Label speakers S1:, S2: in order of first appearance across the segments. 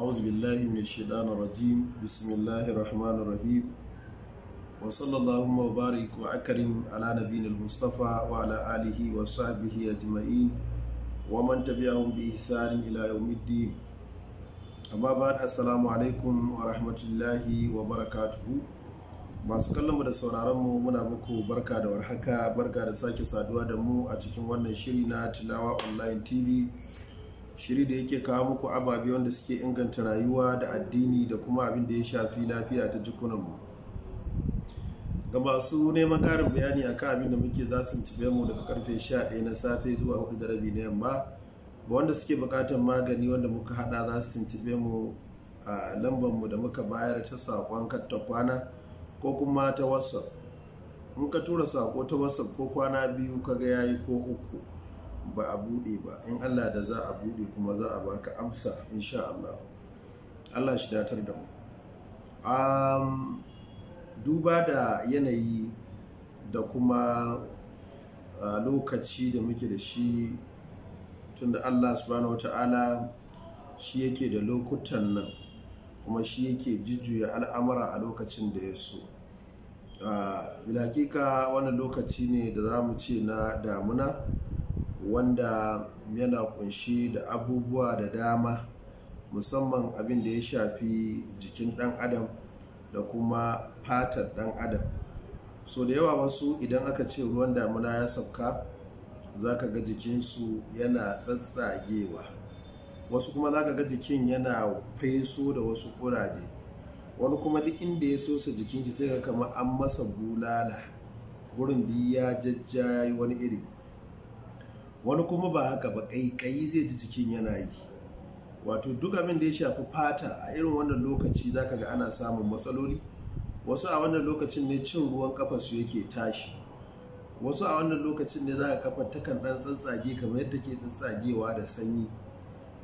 S1: أعوذ بالله من الشيطان الرجيم بسم الله الرحمن الرحيم وصلى الله وبارك وأكرم على نبينا المصطفى وعلى آله وصحبه أجمعين ومن تبعهم بإحسان إلى يوم الدين أما بعد السلام عليكم ورحمة الله وبركاته masu kallonmu da sauraronmu muna muku barka da warhaka barka da sake saduwa da mu a cikin wannan shiri na tilawa online tv shiri da yake kawo muku ababe wanda suke inganta rayuwa da addini da kuma abin da ya shafi lafiya ta jikunanmu ga masu neman karin bayani akan abin da muke za su tibe mu daga karfe 11 na safe zuwa 4 da rabi na yamma ba wanda suke bukatar magani wanda muka hada za su tuntube mu a lambar mu da muka bayar ta sakon katta kwana ko kuma ta whatsapp in ka tura sako ta whatsapp ko kwana biyu kaga yayi ko uku ba a buɗe ba in Allah da za a buɗe kuma za a baka amsa insha Allah Allah shi datar da mu um, duba da yanayi da kuma uh, lokaci da muke da shi tunda Allah subhanahu wata'ala shi yake da lokutan nan kuma shi yake jujjuya al'amura a lokacin da ya so uh, bilakika wannan lokaci ne da za mu ce na damuna wanda yana kunshi da abubuwa da dama musamman abin da ya shafi jikin ɗan adam da kuma fatar ɗan adam so da yawa wasu idan aka ce ruwan damuna ya sauka za ka ga jikinsu yana tsatsagewa wasu kuma za ka ga jikin yana feso da wasu kuraje wani kuma duk inda ya sosa jikinki, sai ka kama an masa bulala gurin ya jajja ya yi wani iri wani kuma ba haka ba ƙaiƙayi zai ji jikin yana yi wato duk abin da ya shafi fata a irin wannan lokaci zaka ga ana samun matsaloli wasu a wannan lokacin ne cin ruwan kafa su yake tashi wasu a wannan lokacin ne za ka kafa takan ɗan tsatsage kamar yadda ke tsatsagewa da sanyi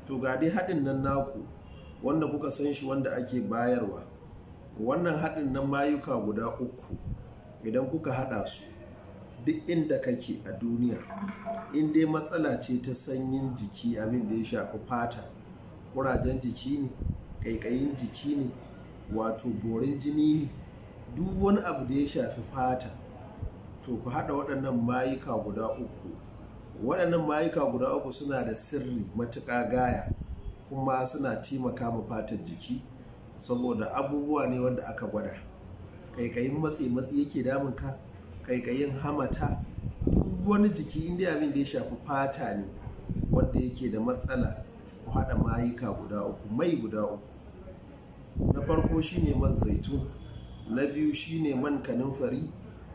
S1: to ga dai haɗin nan naku wanda kuka san shi wanda ake bayarwa wannan haɗin nan mayuka guda uku idan kuka haɗa su duk inda kake a duniya in dai matsala ce ta sanyin jiki abin da ya shafi fata kurajen jiki ne ƙaiƙayin jiki ne wato borin jini ne duk wani abu da ya shafi fata to ku haɗa waɗannan mayuka guda uku waɗannan mayuka guda uku suna da sirri matuƙa gaya kuma suna taimaka ma fatar jiki saboda abubuwa ne wanda aka gwada ƙaiƙayin matsi matsi yake damun ka kaikayin hamata duk wani jiki inda abin da ya shafi fata ne wanda yake da matsala ku haɗa mayuka guda uku mai guda uku na farko shine man zaitun na biyu shine man kanunfari,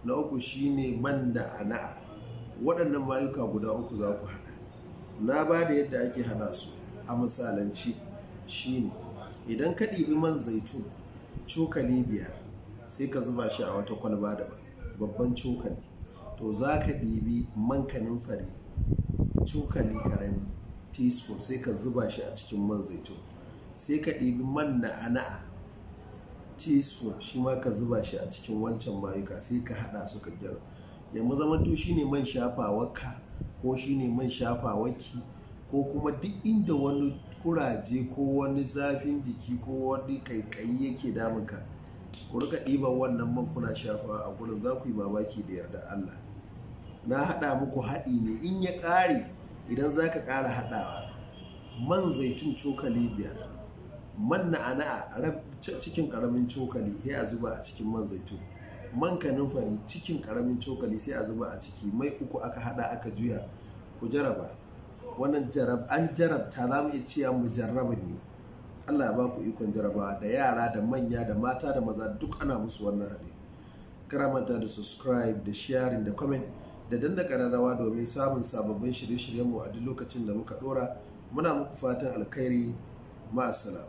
S1: na uku shine man da ana'a waɗannan mayuka guda uku za ku haɗa na ba da yadda ake haɗa su a misalanci shine idan ka ɗibi man zaitun cokali biyar sai ka zuba shi a wata kwalba daban babban cokali to za ka ɗibi man fari cokali karami teaspoon sai ka zuba shi a cikin man zaitun sai ka ɗibi man na'ana'a teaspoon shi ma ka zuba shi a cikin wancan mayuka sai ka haɗa su ka gyara yamma to shi ne man shafawarka ko shi ne man shafawarki ko kuma duk inda wani kuraje ko wani zafin jiki ko wani kaikayi yake damunka ku rika ɗiban wannan man kuna shafa a gurin za ku yi mamaki da yarda Allah na haɗa muku haɗi ne in ya ƙare idan za ka ƙara haɗawa man zaitun cokali biyar man na'ana'a cikin ƙaramin cokali sai a zuba a cikin man zaitun man kanunfari cikin ƙaramin cokali sai a zuba a ciki mai uku aka haɗa aka juya ku jaraba wannan jarab an jarabta za mu iya cewa mujarrabin ne Allah ya ba ku ikon jarabawa da yara da manya da mata da maza duk ana musu wannan haɗe manta da subscribe da sharing da comment da danna kararrawa domin samun sababbin shirye-shiryenmu a duk lokacin da muka ɗora muna muku fatan alkhairi ma'assalam